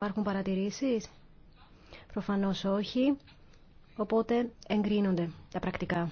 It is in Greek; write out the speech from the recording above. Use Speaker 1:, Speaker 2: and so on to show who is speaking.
Speaker 1: Υπάρχουν παρατηρήσεις. Προφανώς όχι. Οπότε εγκρίνονται τα πρακτικά.